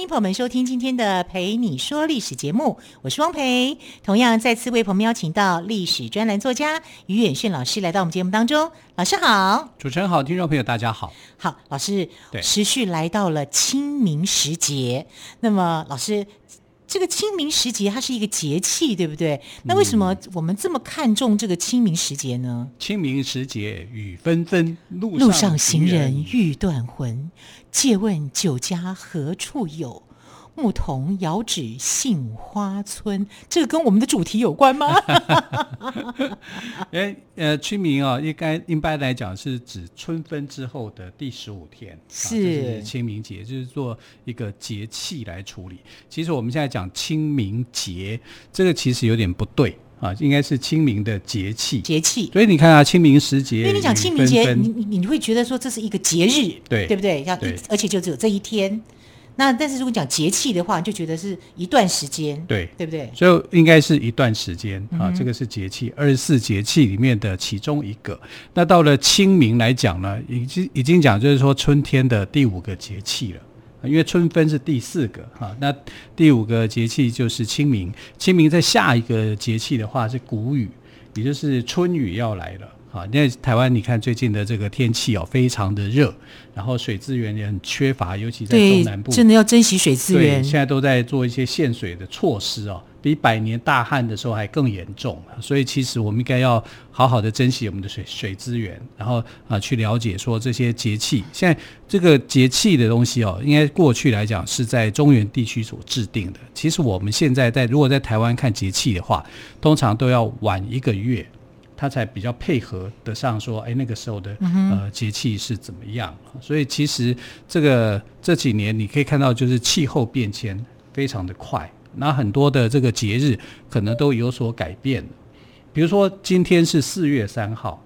歡迎朋友們收聽今天的《蓓你說歷史》節目，我是汪蓓。同樣再次為朋友們邀請到歷史專欄作家於遠迅老師來到我們節目當中。老師好，主持人好，聽眾朋友大家好。好，老師，對，持續來到了清明時節，那麼老師，這個清明時節，它是一個節氣，對不對？那為什麼我們這麼看重這個清明時節呢？清明時節雨紛紛，路上行人欲斷魂。借問酒家何處有？牧童遙指杏花村，這個跟我們的主題有關嗎？哎， 呃，清明啊、哦，應該一般來講是指春分之後的第十五天，是，啊、是清明節，就是做一個節氣來處理。其實我們現在講清明節，這個其實有點不對啊，應該是清明的節氣，節氣。所以你看啊，清明時節，因為你講清明節，紛紛你你你會覺得說這是一個節日，對對不對？要而且就只有這一天。那但是如果講節氣的話，就覺得是一段時間，對對不對？所以應該是一段時間啊、嗯，這個是節氣，二十四節氣裡面的其中一個。那到了清明來講呢，已經已經講就是說春天的第五個節氣了，啊、因為春分是第四個哈、啊，那第五個節氣就是清明，清明在下一個節氣的話是穀雨，也就是春雨要來了。因為台灣，你看最近的這個天氣哦，非常的熱，然後水資源也很缺乏，尤其在中南部。對，真的要珍惜水資源。對，現在都在做一些限水的措施哦，比百年大旱的時候還更嚴重。所以，其實我們應該要好好的珍惜我們的水水資源，然後啊，去了解說這些節氣。現在這個節氣的東西哦，應該過去來講是在中原地區所制定的。其實我們現在在如果在台灣看節氣的話，通常都要晚一個月。他才比較配合得上說，哎、欸，那個時候的呃節氣是怎麼樣、嗯？所以其實這個這幾年你可以看到，就是氣候變遷非常的快，那很多的這個節日可能都有所改變了。比如說今天是四月三號，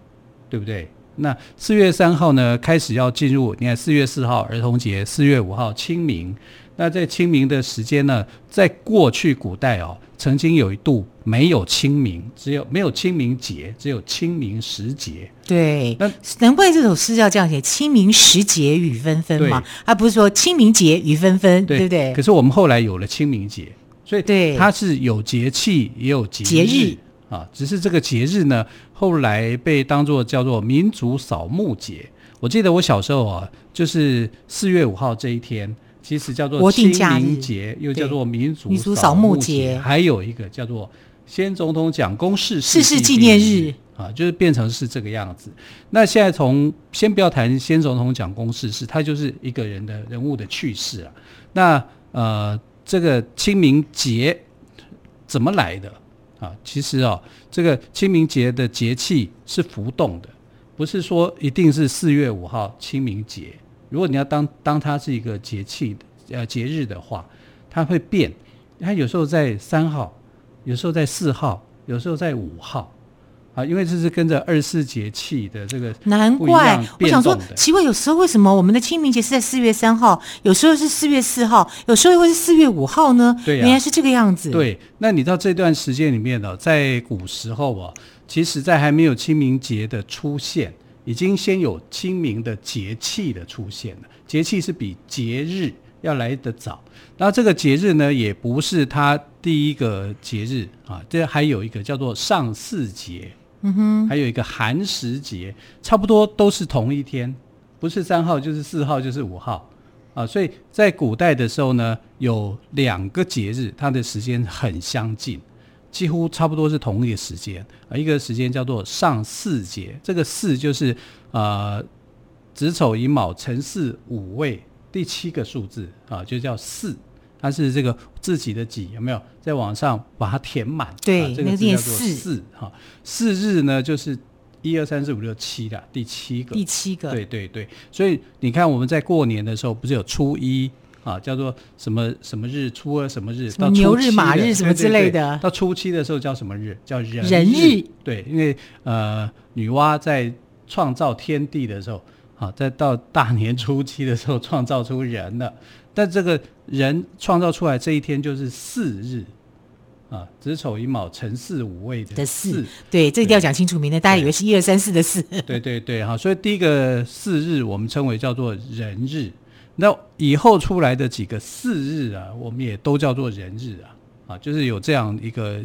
對不對？那四月三號呢，開始要進入你看，四月四號兒童節，四月五號清明。那在清明的時間呢？在過去古代哦，曾經有一度沒有清明，只有沒有清明節，只有清明時節。對，那難怪這首詩叫這樣寫：“清明時節雨紛紛”嘛，而、啊、不是說“清明節雨紛紛”，對不對？可是我們後來有了清明節，所以對它是有節氣也有節日，節日啊。只是這個節日呢，後來被當作叫做民族掃墓節。我記得我小時候啊，就是四月五號這一天。其實叫做清明節，又叫做民族掃墓、掃墓節，還有一個叫做先總統蔣公逝世逝世紀念日啊，就是變成是這個樣子。那現在從先不要談先總統蔣公逝世，逝世，他就是一個人的人物的去世了。那呃，這個清明節怎麼來的啊？其實啊、哦，這個清明節的節氣是浮動的，不是說一定是四月五號清明節。如果你要當當它是一個節氣呃節日的話，它會變，它有時候在三號，有時候在四號，有時候在五號，啊，因為這是跟着二十四節氣的這個的，難怪我想說，奇怪，有時候為什麼我們的清明節是在四月三號，有時候是四月四號，有時候又會是四月五號呢？對、啊，原來是這個樣子。對，那你知道這段時間裡面呢、哦，在古時候哦，其實在還沒有清明節的出現。已經先有清明的節氣的出現了，節氣是比節日要來得早。那這個節日呢，也不是它第一個節日啊，這還有一個叫做上巳節，嗯哼，還有一個寒食節，差不多都是同一天，不是三號就是四號就是五號啊。所以在古代的時候呢，有兩個節日，它的時間很相近。幾乎差不多是同一個時間啊，一個時間叫做上巳節，這個巳就是呃子丑寅卯辰巳午未第七個數字啊，就叫巳，它是這個自己的己有沒有，在網上把它填滿。對，啊、這個字叫做巳哈，巳、啊、日呢就是一二三四五六七的第七個。第七個。對對對，所以你看我們在過年的時候，不是有初一？啊，叫做什麼什麼日，初二什麼日，到牛日，到馬日什麼之類的，對對對，到初七的時候叫什麼日？叫人日。人日對，因為呃，女媧在創造天地的時候，好、啊，在到大年初七的時候創造出人了。但這個人創造出來這一天就是巳日，啊，子丑寅卯辰巳午未的四巳。對，對對，這一定要講清楚明的，大家以為是一二三四的四。對對對，對，好、啊，所以第一個巳日我們稱為叫做人日。那以後出來的幾個巳日啊，我們也都叫做人日啊，啊，就是有這樣一個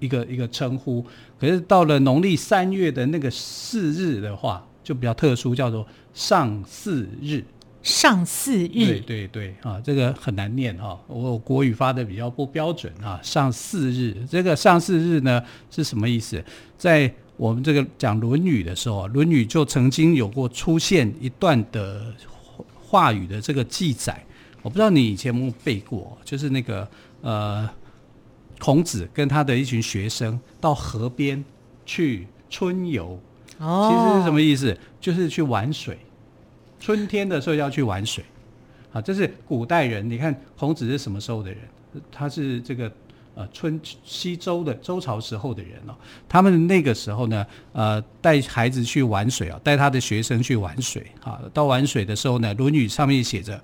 一個一個稱呼。可是到了農曆三月的那個巳日的話，就比較特殊，叫做上巳日。上巳日，對對對，啊，這個很難念哈、啊，我國語發的比較不標準啊。上巳日，這個上巳日呢是什麼意思？在我們這個講《論語》的時候，《論語》就曾經有過出現一段的。話語的這個記載，我不知道你以前有沒有背過，就是那個呃，孔子跟他的一群學生到河邊去春遊，哦，其實是什麼意思？就是去玩水，春天的時候要去玩水，啊，這是古代人。你看孔子是什麼時候的人？他是這個。呃，春西周的周朝時候的人哦，他們那個時候呢，呃，帶孩子去玩水啊、哦，帶他的學生去玩水啊。到玩水的時候呢，《論語》上面寫着：“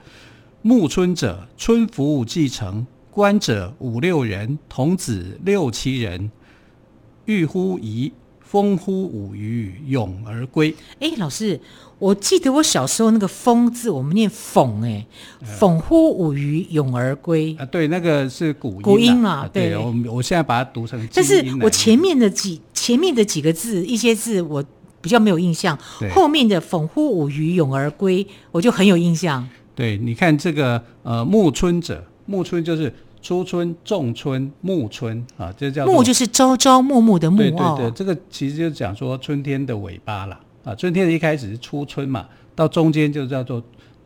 暮春者，春服既成，觀者五六人，童子六七人，浴乎沂，風乎舞雩，詠而歸。”哎，老師，我記得我小時候那個“風”字，我們念“諷”哎，“諷乎舞雩，詠而歸”啊，呃，對，那個是古音啦，古音嘛，啊。對，我我現在把它讀成。但是我前面的幾前面的幾個字，一些字我比較沒有印象，後面的“諷乎舞雩，詠而歸”我就很有印象。對，你看這個呃“暮春者”，暮春就是初春、仲春、暮春啊，這叫“暮”，就是朝朝暮暮的“暮”。對對對，哦，這個其實就是講說春天的尾巴啦。啊，春天的一開始是初春嘛，到中間就叫做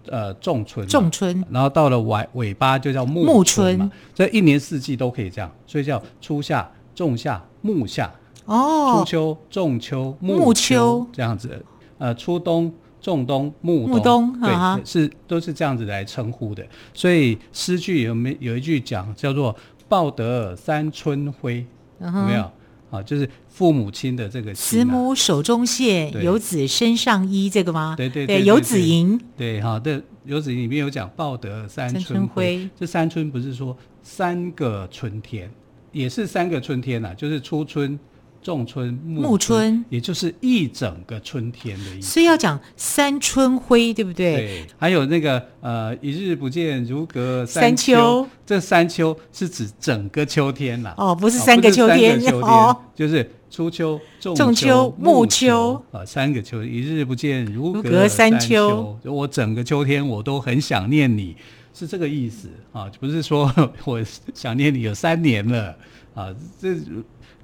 呃仲春，仲春，然後到了尾尾巴就叫暮春嘛。這一年四季都可以這樣，所以叫初夏、仲夏、暮夏。哦。初秋、仲秋、暮秋，暮秋這樣子，呃，初冬、仲冬、冬、暮冬，對，啊、哈是，是都是這樣子來稱呼的。所以詩句有沒有一句講叫做“報得三春暉、啊”，有沒有？啊，就是父母親的這個、啊“慈母手中線，游子身上衣”這個嗎？對對對，對，對，游子吟。對哈、啊，這游子吟裡面有講“報得三春暉”，這三春不是說三個春天，也是三個春天吶、啊，就是初春。仲春，春、暮春，也就是一整個春天的意思。所以要講三春暉，對不對，對？還有那個呃，一日不見如隔三秋、三秋。這三秋是指整個秋天啦。哦，不是三個秋天，哦，是哦就是初秋、仲秋、暮秋啊、呃，三個秋。一日不見如隔三秋。三秋我整個秋天我都很想念你，是這個意思啊，不是說我想念你有三年了啊，這。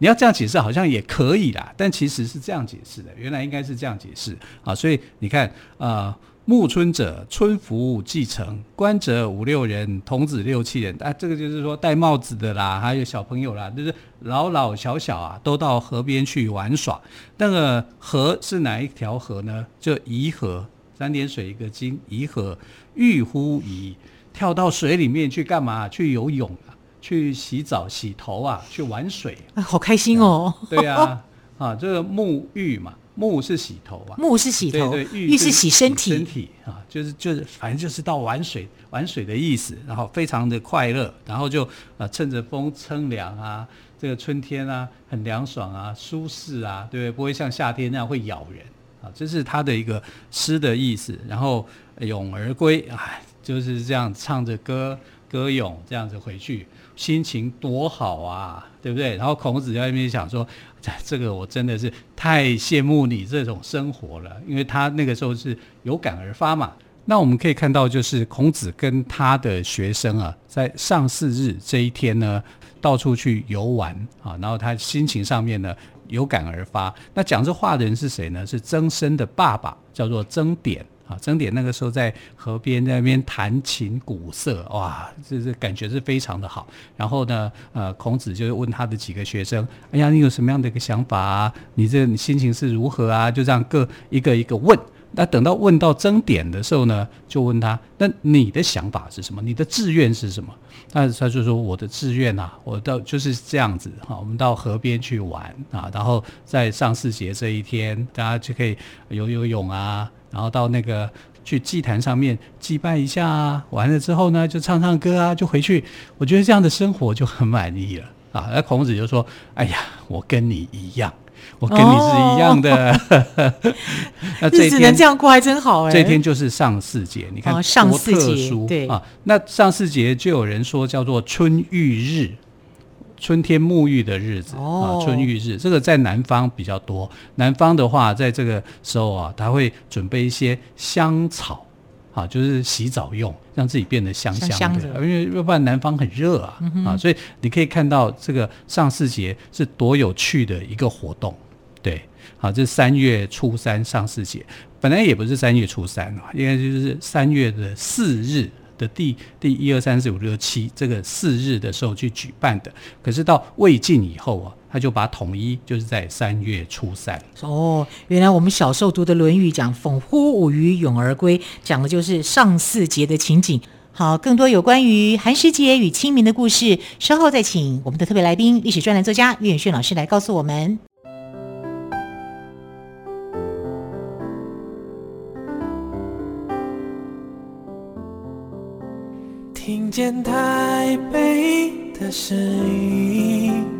你要這樣解釋好像也可以啦，但其實是這樣解釋的，原來應該是這樣解釋啊。所以你看，呃，暮春者，春服既成，冠者五六人，童子六七人，啊，這個就是說戴帽子的啦，還有小朋友啦，就是老老小小啊，都到河邊去玩耍。那個河是哪一條河呢？就沂河，三點水一個斤，沂河，浴乎沂，跳到水裡面去幹嘛，啊？去游泳，啊去洗澡、洗頭啊，去玩水，哎、好開心哦！嗯、對啊， 啊，這個就是沐浴嘛，沐是洗頭啊，沐是洗頭，對對，浴身，浴是洗身體，身體啊，就是就是，反正就是到玩水、玩水的意思，然後非常的快樂，然後就啊，趁着風乘涼啊，這個春天啊，很涼爽啊，舒適啊，對不對？不會像夏天那樣會咬人啊，這是它的一個詩的意思，然後詠而歸，啊，就是這樣唱着歌。歌詠這樣子回去，心情多好啊，對不對？然後孔子在那邊想說：“這這個我真的是太羨慕你這種生活了，因為他那個時候是有感而發嘛。”那我們可以看到，就是孔子跟他的學生啊，在上巳日這一天呢，到處去遊玩啊，然後他心情上面呢有感而發。那講這話的人是誰呢？是曾參的爸爸，叫做曾點。啊，曾點那個時候在河邊那邊彈琴鼓瑟，哇，這是感覺是非常的好。然後呢，呃，孔子就問他的幾個學生，哎呀，你有什麼樣的一個想法啊？你這你心情是如何啊？就這樣各一個一個問。那等到問到曾點的時候呢，就問他：那你的想法是什麼？你的志願是什麼？那他就說：我的志願啊，我到就是這樣子哈、啊。我們到河邊去玩啊，然後在上巳節這一天，大家就可以游游泳啊，然後到那個去祭壇上面祭拜一下啊。完了之後呢，就唱唱歌啊，就回去。我覺得這樣的生活就很滿意了啊。那孔子就說：哎呀，我跟你一樣。我跟你是一樣的、哦， 那日子能這樣過還真好哎、欸。這一天就是上巳節，你看多、啊、特殊對啊。那上巳節就有人說叫做春浴日，春天沐浴的日子、哦、啊，春浴日這個在南方比較多，南方的話在這個時候啊，他會準備一些香草。好，就是洗澡用，讓自己變得香香的，因為要不然南方很熱啊，嗯，啊，所以你可以看到這個上巳節是多有趣的一個活動，對，好，這是三月初三上巳節，本來也不是三月初三啊，應該就是三月的四日的第第一二三四五六七這個四日的時候去舉辦的，可是到魏晉以後啊。他就把它統一就是在三月初三。哦，原來我們小時候讀的《論語》講“風乎舞雩，詠而歸”，講的就是上巳節的情景。好，更多有關於寒食節與清明的故事，稍後再請我們的特別來賓、歷史專欄作家岳遠軒老師來告訴我們。聽見台北的聲音。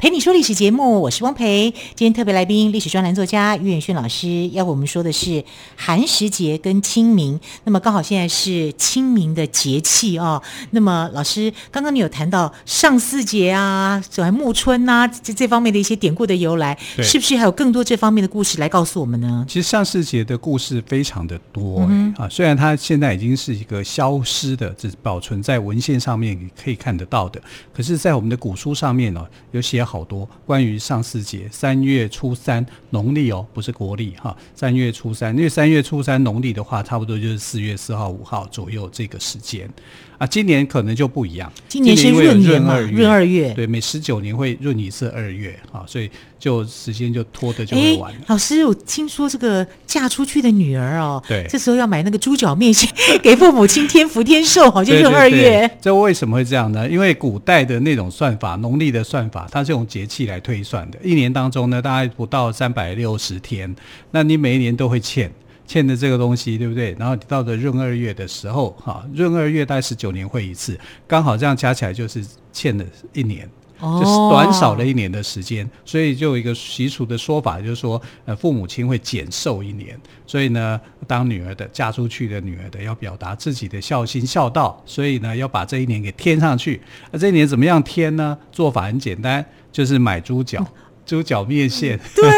蓓你說歷史節目，我是汪蓓。今天特別來賓，歷史專欄作家余遠炫老師。要和我們說的是寒食節跟清明。那麼剛好現在是清明的節氣哦。那麼老師，剛剛你有談到上巳節啊，所謂暮春啊，這這方面的一些典故的由來，是不是還有更多這方面的故事來告訴我們呢？其實上巳節的故事非常的多嗯，啊，雖然它現在已經是一個消失的，只保存在文獻上面可以看得到的，可是，在我們的古書上面呢、啊，有寫。好多關於上巳節，三月初三，農曆哦，不是國歷哈。三月初三，因為三月初三農曆的話，差不多就是四月四號、五號左右這個時間。啊，今年可能就不一樣。今年是閏年嘛？閏二,二月，對，每十九年會閏一次二月啊，所以就時間就拖得就晚、欸。老師，我聽說這個嫁出去的女兒哦、喔，對，這時候要買那個豬腳麵線給父母親添福添壽，好像閏二月對對對。這為什麼會這樣呢？因為古代的那種算法，農曆的算法，它是用節氣來推算的。一年當中呢，大概不到三百六十天，那你每一年都會欠，欠的這個東西，對不對？然後到了閏二月的時候，哈、啊，閏二月大概十九年會一次，剛好這樣加起來就是欠了一年，哦、就是短少了一年的時間。所以就有一個習俗的說法，就是說，呃，父母親會減壽一年。所以呢，當女兒的嫁出去的女兒的要表達自己的孝心孝道，所以呢，要把這一年給添上去。那這一年怎麼樣添呢？做法很簡單，就是買豬腳，豬 腳麵線。對。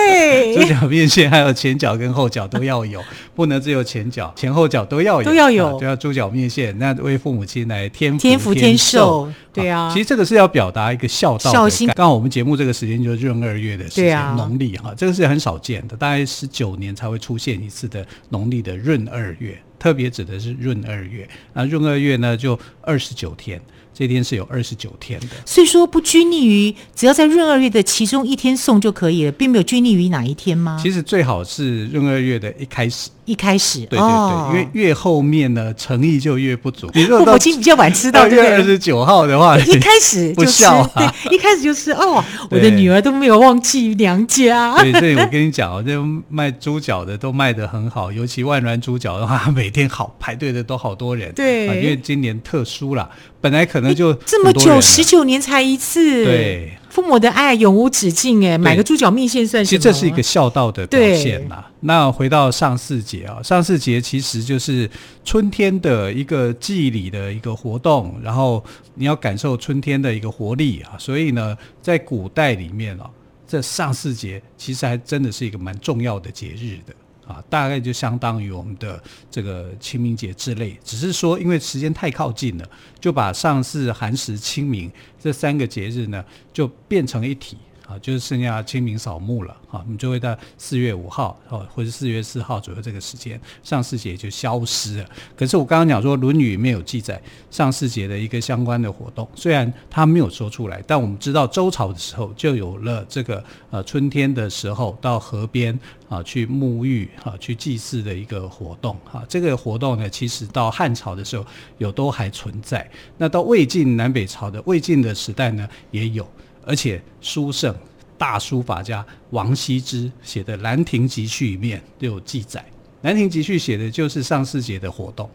豬腳麵線還有前腳跟後腳都要有， 不能只有前腳，前後腳都要有，都要有，啊、就要豬腳麵線。那為父母親來添，福添，添福添壽，對啊、啊。其實這個是要表達一個孝道的。孝心。剛好我們節目這個時間就是閏二月的時間，農曆哈，這個是很少見的，大概十九年才會出現一次的農曆的閏二月，特別指的是閏二月。那閏二月呢，就二十九天。那天是有二十九天的，所以說不拘泥於，只要在閏二月的其中一天送就可以了，並沒有拘泥於哪一天嗎？其實最好是閏二月的一開始。一開始，對對對，哦、因為越後面呢，誠意就越不足。你說母親比較晚吃到、這個，到月二十九號的話，一開始就是，對，一開始就是、啊始就是、哦，我的女兒都沒有忘記娘家。對，對我跟你講這個、賣豬腳的都賣得很好，尤其萬巒豬腳，的話，每天好排隊的都好多人。對、呃，因為今年特殊啦，本來可能就、欸、這麼久，十九年才一次。對。父母的愛永無止境，欸，誒，買個豬腳麵線算什麼？其實這是一個孝道的表現啦。那回到上巳節啊，上巳節其實就是春天的一個祭禮的一個活動，然後你要感受春天的一個活力啊。所以呢，在古代裡面啊，這上巳節其實還真的是一個蠻重要的節日的。啊，大概就相當於我們的這個清明節之類，只是說因為時間太靠近了，就把上巳、寒食、清明這三個節日呢，就變成一體。啊，就是剩下清明掃墓了，哈、啊，我們就會到四月五號啊，或者四月四號左右這個時間，上巳節就消失了。可是我剛剛講說，《論語》沒有記載上巳節的一個相關的活動，雖然它沒有說出來，但我們知道周朝的時候就有了這個呃、啊、春天的時候到河邊啊去沐浴啊去祭祀的一個活動，哈、啊，這個活動呢，其實到漢朝的時候有都還存在，那到魏晉南北朝的魏晉的時代呢，也有。而且，書聖大書法家王羲之寫的《蘭亭集序》裡面都有記載，《蘭亭集序》寫的就是上巳節的活動。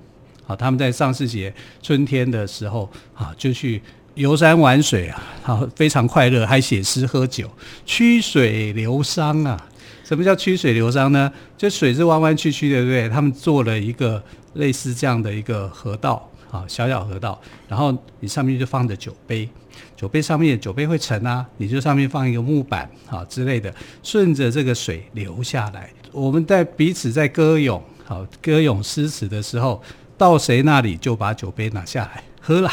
好，他們在上巳節春天的時候，啊，就去遊山玩水啊，非常快樂，還寫詩喝酒，曲水流觴啊。什麼叫曲水流觴呢？這水是彎彎曲曲的，對不對？他們做了一個類似這樣的一個河道。小小河道，然後你上面就放着酒杯，酒杯上面，酒杯會沉啊，你就上面放一個木板啊之類的，順着這個水流下來，我們在彼此在歌詠，好歌詠詩詞的時候，到誰那裡就把酒杯拿下來喝啦，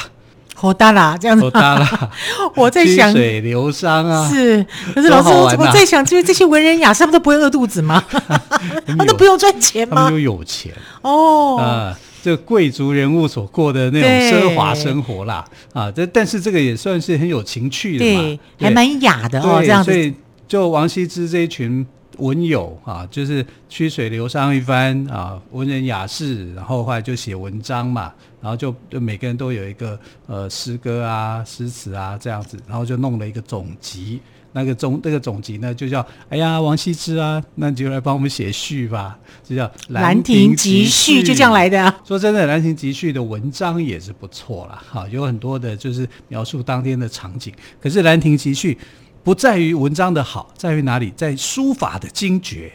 好大啦，這樣子。好大啦！ 我在想，水流觴啊，是。可是老師，我、啊、在想，就是這些文人雅士，他們都不會餓肚子嗎？ 他？他都不用賺錢嗎？他們又有錢哦。呃這貴族人物所過的那種奢華生活啦，啊，這但是這個也算是很有情趣的嘛，對對還蠻雅的哦，對這樣子。所以就王羲之這一群文友啊，就是曲水流觴一番啊，文人雅士，然後後來就寫文章嘛，然後就，就每個人都有一個呃詩歌啊、詩詞啊這樣子，然後就弄了一個總集。那個總那個總集呢，就叫哎呀王羲之啊，那你就來幫我們寫序吧，這叫《蘭亭集序》，就這樣來的。啊？說真的，《蘭亭集序》的文章也是不錯了，哈，有很多的就是描述當天的場景。可是，《蘭亭集序》不在於文章的好，在於哪裡？在書法的精絕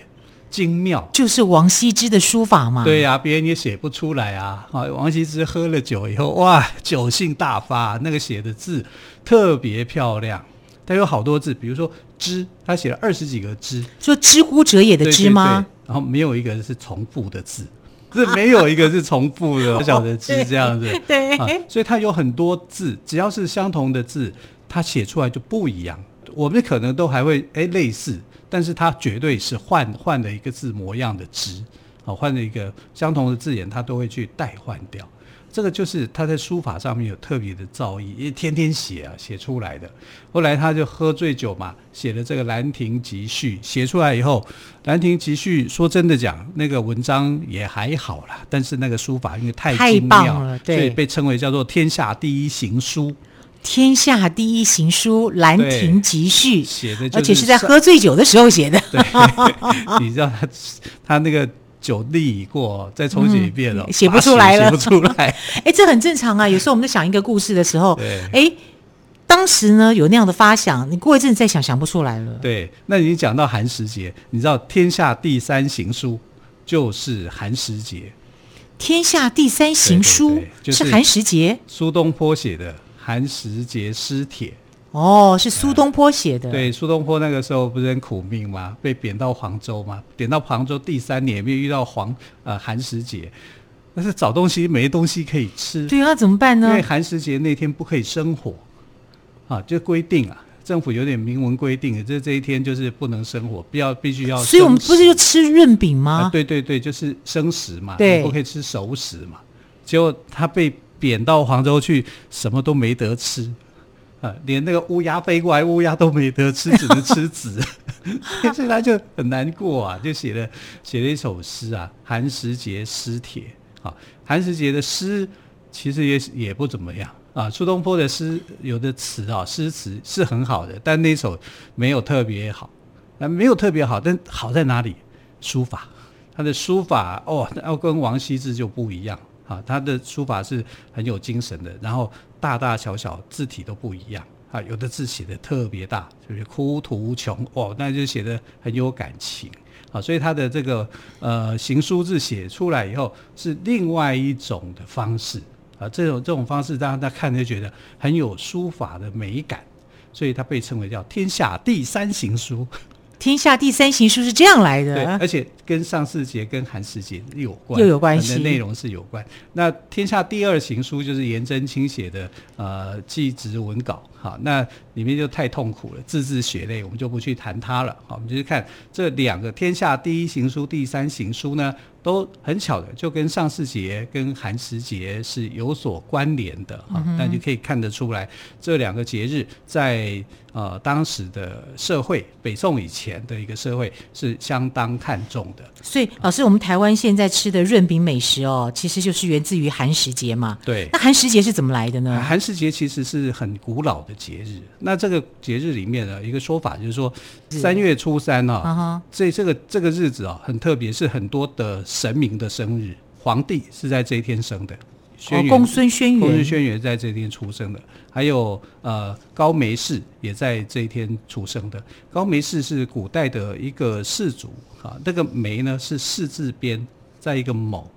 精妙，就是王羲之的書法嘛。對呀、啊，別人也寫不出來啊。啊，王羲之喝了酒以後，哇，酒性大發，那個寫的字特別漂亮。它有好多字，比如說“之”，他寫了二十幾個“之”，就“之乎者也的之嗎”的“之”嗎？然後沒有一個是重複的字，這、啊、沒有一個是重複的，曉得“之”這樣子。哦、對，對、啊，所以它有很多字，只要是相同的字，它寫出來就不一樣。我們可能都還會哎、欸、類似，但是它絕對是換換了一個字模樣的“之”，好換、啊、了一個相同的字眼，它都會去代換掉。這個就是他在書法上面有特別的造詣，因為天天寫啊，寫出來的。後來他就喝醉酒嘛，寫了這個《蘭亭集序》。寫出來以後，《蘭亭集序》說真的講，那個文章也還好啦，但是那個書法因為太精妙，太棒了，對，所以被稱為叫做天下第一行書“天下第一行書”。天下第一行書《蘭亭集序》寫的，而且是在喝醉酒的時候寫的。對，你知道他他那個。久立已過，再重寫一遍了，寫、嗯、不出來了，寫不出來。哎、 欸，這很正常啊。有時候我們在想一個故事的時候，哎、 欸，當時呢有那樣的發想，你過一陣再想想不出來了。對，那你講到寒食節，你知道天下第三行書就是寒食節，天下第三行書就是寒食節，蘇、就是、東坡寫的《寒食節詩帖》。哦，是蘇東坡寫的、呃。對，蘇東坡那個時候不是很苦命嘛，被貶到黃州嘛，貶到黃州第三年，也沒有遇到黃呃寒食節，但是找東西沒東西可以吃。對啊，怎麼辦呢？因為寒食節那天不可以生火，啊，就規定啊，政府有點明文規定，這這一天就是不能生火，必要必須要。所以我們不是就吃潤餅嗎、呃？對對對，就是生食嘛，對不可以吃熟食嘛。結果他被貶到黃州去，什麼都沒得吃。啊，連那個烏鴉飛過來，烏鴉都沒得吃，只能吃籽，所 以他就很難過啊，就寫了寫了一首詩啊，《寒食節詩帖》啊。寒食節的詩其實也也不怎麼樣啊。蘇東坡的詩有的詞啊，詩詞是很好的，但那首沒有特別好，那、啊、沒有特別好，但好在哪裡？書法，他的書法哦，要跟王羲之就不一樣。啊，他的書法是很有精神的，然後大大小小字體都不一樣啊，有的字寫的特別大，就是哭途窮哦，那就寫的很有感情啊，所以他的這個呃行書字寫出來以後是另外一種的方式啊，這種這種方式讓大、大家看就覺得很有書法的美感，所以他被稱為叫天下第三行書。天下第三行書是這樣來的，對，而且跟上巳節跟寒食節有關，又有關係的內容是有關。那天下第二行書就是顏真卿寫的《呃祭侄文稿》哈，那裡面就太痛苦了，字字血淚，我們就不去談它了。好，我們就去看這兩個天下第一行書、第三行書呢。都很巧的，就跟上巳節、跟寒食節是有所關聯的哈。那、啊、你、嗯、可以看得出來，這兩個節日在呃當時的社會，北宋以前的一個社會是相當看重的。所以，啊、老師，我們台灣現在吃的潤餅美食哦，其實就是源自於寒食節嘛。對。那寒食節是怎麼來的呢？寒食節其實是很古老的節日。那這個節日裡面的一個說法就是說，是三月初三、哦、啊，這這個這個日子啊、哦，很特別，是很多的。神明的生日，皇帝是在這一天生的，公孫軒轅，公孫軒轅在這一天出生的，還有呃高梅氏也在這一天出生的。高梅氏是古代的一個氏族，啊，那個梅呢是氏字邊，在一個某，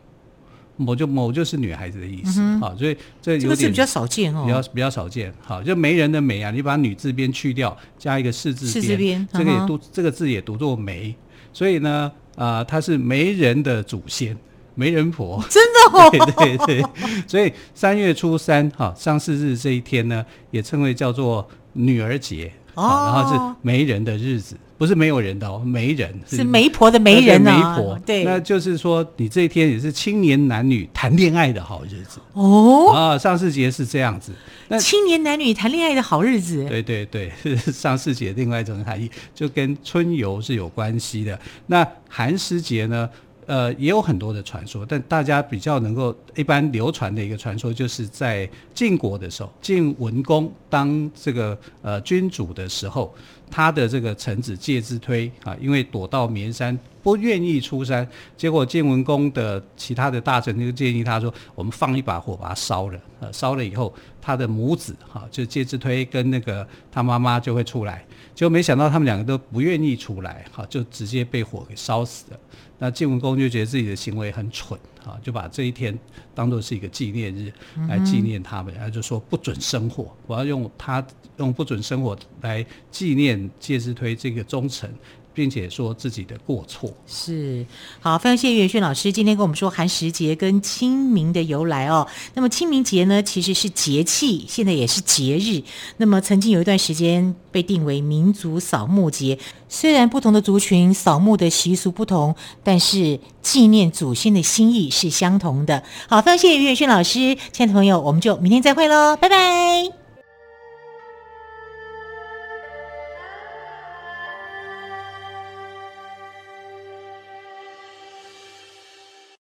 某就某就是女孩子的意思，嗯、好，所以這有點這個字比較少見哦，比較比較少見，好，就媒人的媒啊，你把女字邊去掉，加一個氏字邊，氏字邊，這個也讀、嗯、這個字也讀作梅，所以呢。啊、呃，她是媒人的祖先，媒人婆，真的哦，對對對，所以三月初三哈，上巳日這一天呢，也稱為叫做女兒節，啊啊，然後是媒人的日子。不是沒有人的媒、哦、人是是，是媒婆的媒人呢、哦。媒婆，對，那就是說你這一天也是青年男女談戀愛的好日子哦。啊，上巳節是這樣子，那青年男女談戀愛的好日子，對對對，是上巳節另外一種含義就跟春遊是有關係的。那寒食節呢？呃，也有很多的傳說，但大家比較能夠一般流傳的一個傳說，就是在晉國的時候，晉文公當這個呃君主的時候，他的這個臣子介之推啊，因為躲到綿山，不願意出山，結果晉文公的其他的大臣就建議他說，我們放一把火把它燒了，呃，燒了以後，他的母子哈、啊，就介之推跟那個他媽媽就會出來，結果沒想到他們兩個都不願意出來，哈、啊，就直接被火給燒死了。那晉文公就覺得自己的行為很蠢啊，就把這一天當做是一個紀念日來紀念他們，然、嗯、後就說不准生火，我要用他用不准生火來紀念介之推這個忠臣。並且說自己的過錯是。好，非常謝謝於遠遜老師今天跟我們說寒食節跟清明的由來哦。那麼清明節呢，其實是節氣，現在也是節日。那麼曾經有一段時間被定為民族掃墓節，雖然不同的族群掃墓的習俗不同，但是紀念祖先的心意是相同的。好，非常謝謝於遠遜老師，親愛的朋友，我們就明天再會嘍，拜拜。